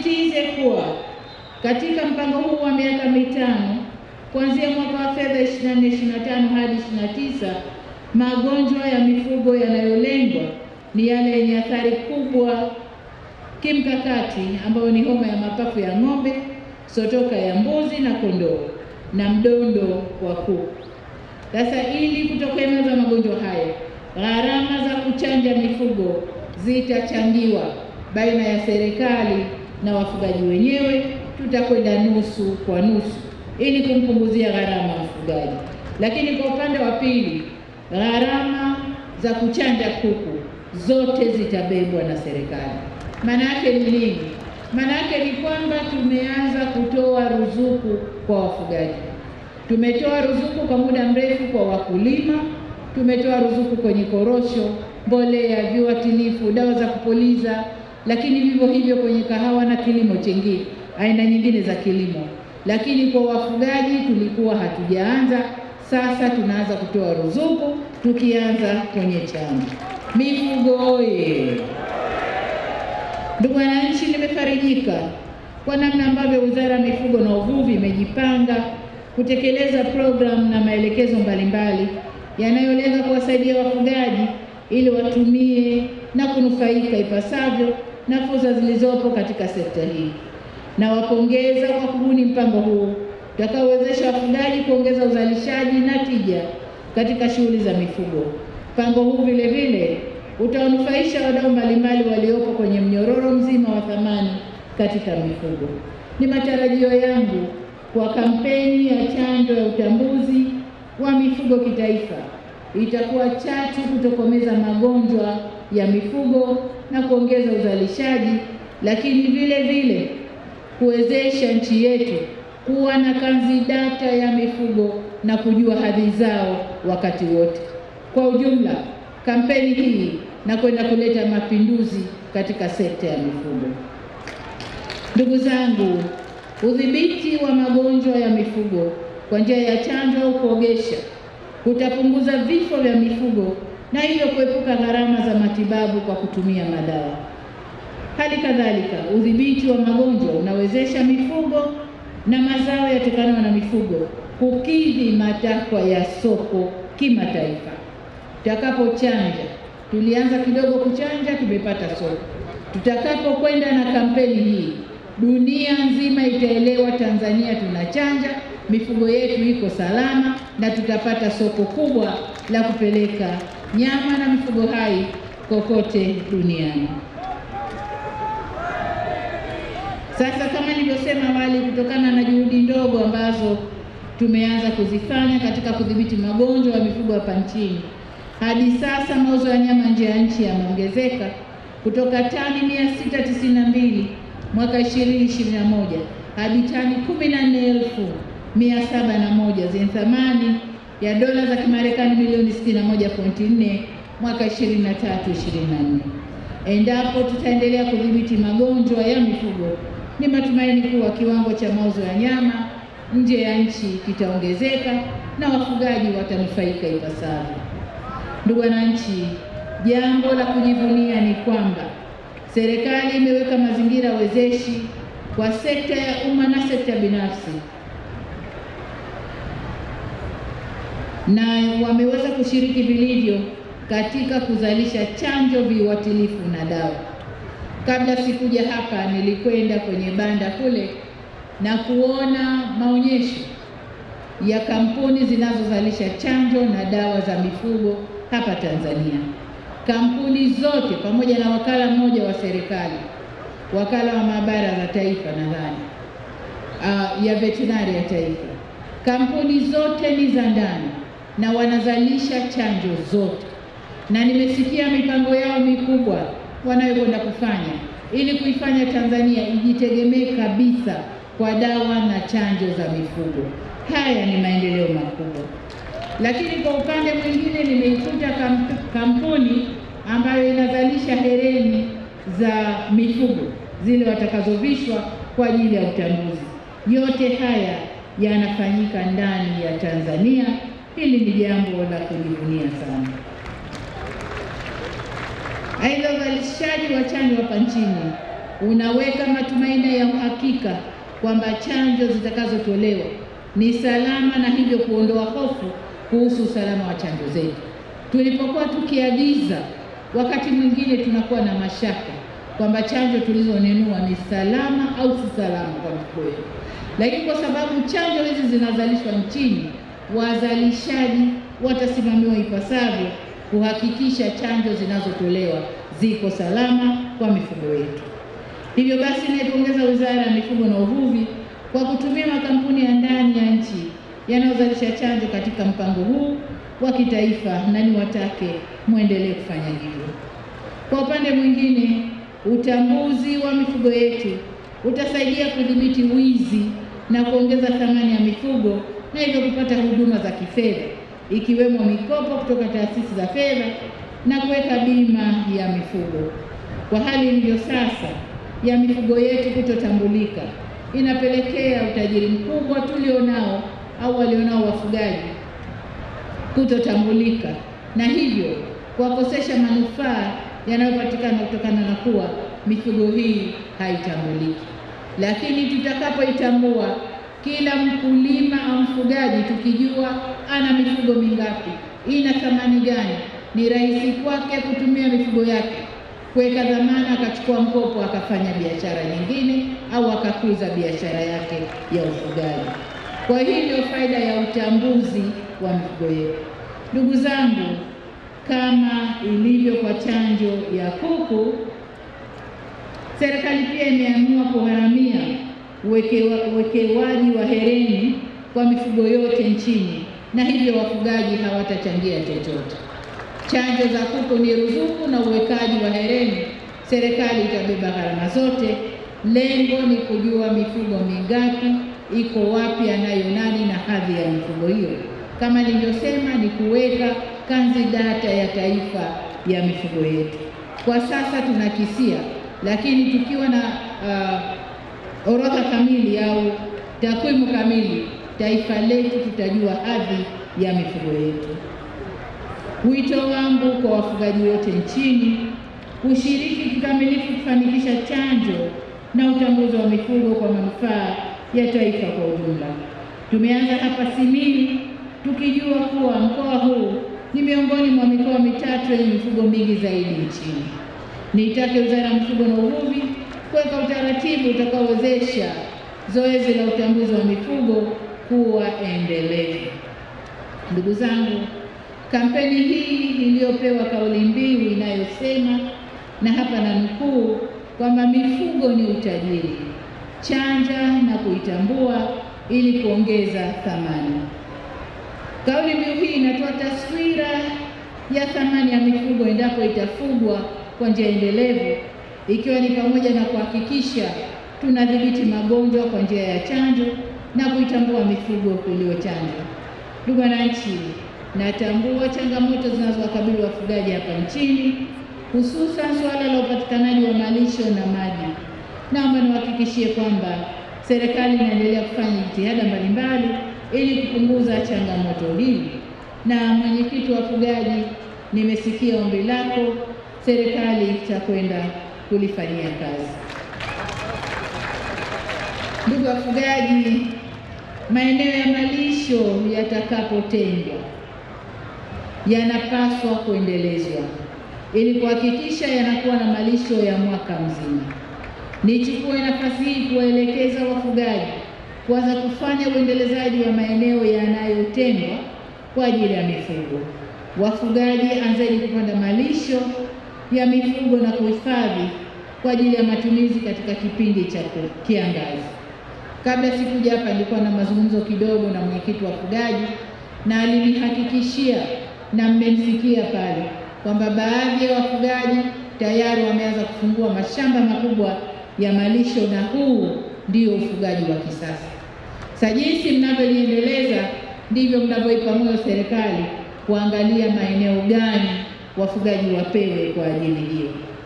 nisisitize kuwa katika mpango huu wa miaka mitano kuanzia mwaka wa fedha 24/25 hadi 29, magonjwa ya mifugo yanayolengwa ni yale yenye athari kubwa kimkakati ambayo ni homa ya mapafu ya ng'ombe, sotoka ya mbuzi na kondoo na mdondo wa kuku. Sasa, ili kutokomeza magonjwa hayo, gharama za kuchanja mifugo zitachangiwa baina ya serikali na wafugaji wenyewe tutakwenda nusu kwa nusu ili kumpunguzia gharama mfugaji. Lakini kwa upande wa pili, gharama za kuchanja kuku zote zitabebwa na serikali. Maana yake ni nini? Maana yake ni kwamba tumeanza kutoa ruzuku kwa wafugaji. Tumetoa ruzuku kwa muda mrefu kwa wakulima, tumetoa ruzuku kwenye korosho, mbolea, viuatilifu, dawa za kupuliza lakini vivyo hivyo kwenye kahawa na kilimo chengine, aina nyingine za kilimo. Lakini kwa wafugaji tulikuwa hatujaanza, sasa tunaanza kutoa ruzuku tukianza kwenye chama. Mifugo oye! Ndugu wananchi, nimefarijika kwa namna ambavyo Wizara ya Mifugo na Uvuvi imejipanga kutekeleza programu na maelekezo mbalimbali yanayolenga kuwasaidia wafugaji ili watumie na kunufaika ipasavyo na fursa zilizopo katika sekta hii. Nawapongeza kwa kubuni mpango huu utakaowezesha wafugaji kuongeza uzalishaji na tija katika shughuli za mifugo. Mpango huu vile vile utawanufaisha wadau mbalimbali waliopo kwenye mnyororo mzima wa thamani katika mifugo. Ni matarajio yangu kwa kampeni ya chanjo ya utambuzi wa mifugo kitaifa itakuwa chachu kutokomeza magonjwa ya mifugo na kuongeza uzalishaji, lakini vile vile kuwezesha nchi yetu kuwa na kanzi data ya mifugo na kujua hadhi zao wakati wote. Kwa ujumla, kampeni hii na kwenda kuleta mapinduzi katika sekta ya mifugo. Ndugu zangu, udhibiti wa magonjwa ya mifugo kwa njia ya chanjo au kuogesha kutapunguza vifo vya mifugo na hivyo kuepuka gharama matibabu kwa kutumia madawa. Hali kadhalika, udhibiti wa magonjwa unawezesha mifugo na mazao yatokanayo na mifugo kukidhi matakwa ya soko kimataifa. Tutakapochanja, tulianza kidogo kuchanja, tumepata soko. Tutakapokwenda na kampeni hii, dunia nzima itaelewa Tanzania tunachanja, mifugo yetu iko salama, na tutapata soko kubwa la kupeleka nyama na mifugo hai kokote duniani. Sasa kama nilivyosema awali, kutokana na juhudi ndogo ambazo tumeanza kuzifanya katika kudhibiti magonjwa ya mifugo hapa nchini, hadi sasa mauzo ya nyama nje ya nchi yameongezeka kutoka tani 692 mwaka 2021 hadi tani 14,701 zenye thamani ya dola za Kimarekani milioni 61.4 mwaka 23 24. Endapo tutaendelea kudhibiti magonjwa ya mifugo, ni matumaini kuwa kiwango cha mauzo ya nyama nje ya nchi kitaongezeka na wafugaji watanufaika ipasavyo. Ndugu wananchi, jambo la kujivunia ni kwamba serikali imeweka mazingira wezeshi kwa sekta ya umma na sekta binafsi na wameweza kushiriki vilivyo katika kuzalisha chanjo, viuatilifu na dawa. Kabla sikuja hapa, nilikwenda kwenye banda kule na kuona maonyesho ya kampuni zinazozalisha chanjo na dawa za mifugo hapa Tanzania. Kampuni zote pamoja na wakala mmoja wa serikali, wakala wa maabara za taifa nadhani, uh, ya veterinari ya taifa. Kampuni zote ni za ndani na wanazalisha chanjo zote na nimesikia mipango yao mikubwa wanayokwenda kufanya ili kuifanya Tanzania ijitegemee kabisa kwa dawa na chanjo za mifugo. Haya ni maendeleo makubwa, lakini kwa upande mwingine nimeikuta kampuni ambayo inazalisha hereni za mifugo zile watakazovishwa kwa ajili ya utambuzi. Yote haya yanafanyika ndani ya Tanzania. Hili ni jambo la kujivunia sana. Aidha, uzalishaji wa chanjo hapa nchini unaweka matumaini ya uhakika kwamba chanjo zitakazotolewa ni salama na hivyo kuondoa hofu kuhusu usalama wa chanjo zetu. Tulipokuwa tukiagiza, wakati mwingine tunakuwa na mashaka kwamba chanjo tulizonunua ni salama au si salama kwa mtu, lakini kwa sababu chanjo hizi zinazalishwa nchini, wazalishaji watasimamiwa ipasavyo kuhakikisha chanjo zinazotolewa ziko salama kwa mifugo yetu. Hivyo basi, naipongeza Wizara ya Mifugo na Uvuvi kwa kutumia makampuni ya ndani ya nchi yanayozalisha chanjo katika mpango huu wa kitaifa, na niwatake muendelee kufanya hivyo. Kwa upande mwingine, utambuzi wa mifugo yetu utasaidia kudhibiti wizi na kuongeza thamani ya mifugo na hivyo kupata huduma za kifedha ikiwemo mikopo kutoka taasisi za fedha na kuweka bima ya mifugo. Kwa hali ilivyo sasa ya mifugo yetu kutotambulika, inapelekea utajiri mkubwa tulionao au walionao wafugaji kutotambulika na hivyo kuwakosesha manufaa yanayopatikana kutokana na kuwa mifugo hii haitambuliki. Lakini tutakapoitambua kila mkulima au mfugaji tukijua ana mifugo mingapi, ina thamani gani, ni rahisi kwake kutumia mifugo yake, kuweka dhamana, akachukua mkopo, akafanya biashara nyingine, au akakuza biashara yake ya ufugaji. Kwa hiyo ndio faida ya utambuzi wa mifugo yetu. Ndugu zangu, kama ilivyo kwa chanjo ya kuku, serikali pia imeamua kugharamia uwekewaji wa hereni kwa mifugo yote nchini, na hivyo wafugaji hawatachangia chochote. Chanjo za kuku ni ruzuku na uwekaji wa hereni, serikali itabeba gharama zote. Lengo ni kujua mifugo mingapi iko wapi, anayo nani na hadhi ya mifugo hiyo. Kama nilivyosema, ni kuweka kanzi data ya taifa ya mifugo yetu. Kwa sasa tunakisia, lakini tukiwa na uh, orodha kamili au takwimu kamili, taifa letu tutajua hadhi ya mifugo yetu. Wito wangu kwa wafugaji wote nchini kushiriki kikamilifu kufanikisha chanjo na utambuzi wa mifugo kwa manufaa ya taifa kwa ujumla. Tumeanza hapa Simini tukijua kuwa mkoa huu ni miongoni mwa mikoa mitatu yenye mifugo mingi zaidi nchini. Niitake Wizara ya Mifugo na Uvuvi kuweka utaratibu utakaowezesha zoezi la utambuzi wa mifugo kuwa endelevu. Ndugu zangu, kampeni hii iliyopewa kauli mbiu inayosema, na hapa na nukuu, kwamba mifugo ni utajiri, chanja na kuitambua ili kuongeza thamani. Kauli mbiu hii inatoa taswira ya thamani ya mifugo endapo itafugwa kwa njia endelevu ikiwa ni pamoja na kuhakikisha tunadhibiti magonjwa kwa njia ya chanjo na kuitambua mifugo iliyochanjwa. Ndugu wananchi, natambua changamoto zinazowakabili wafugaji hapa nchini, hususan suala la upatikanaji wa malisho na maji. Naomba niwahakikishie kwamba serikali inaendelea kufanya jitihada mbalimbali ili kupunguza changamoto hii. Na mwenyekiti wa wafugaji, nimesikia ombi lako, serikali itakwenda kulifanyia kazi. Ndugu wafugaji, maeneo ya malisho yatakapotengwa yanapaswa kuendelezwa ili kuhakikisha yanakuwa na malisho ya mwaka mzima. Nichukue nafasi hii kuwaelekeza wafugaji kuanza kufanya uendelezaji wa maeneo yanayotengwa kwa ajili ya mifugo. Wafugaji, anzeni kupanda malisho ya mifugo na kuhifadhi kwa ajili ya matumizi katika kipindi cha kiangazi. Kabla sikuja hapa, nilikuwa na mazungumzo kidogo na mwenyekiti wa ufugaji, na alinihakikishia na mmemsikia pale kwamba baadhi ya wafugaji tayari wameanza kufungua mashamba makubwa ya malisho, na huu ndio ufugaji wa kisasa. sa jinsi mnavyojiendeleza ndivyo mnavyoipa moyo serikali kuangalia maeneo gani wafugaji wapewe kwa ajili hiyo.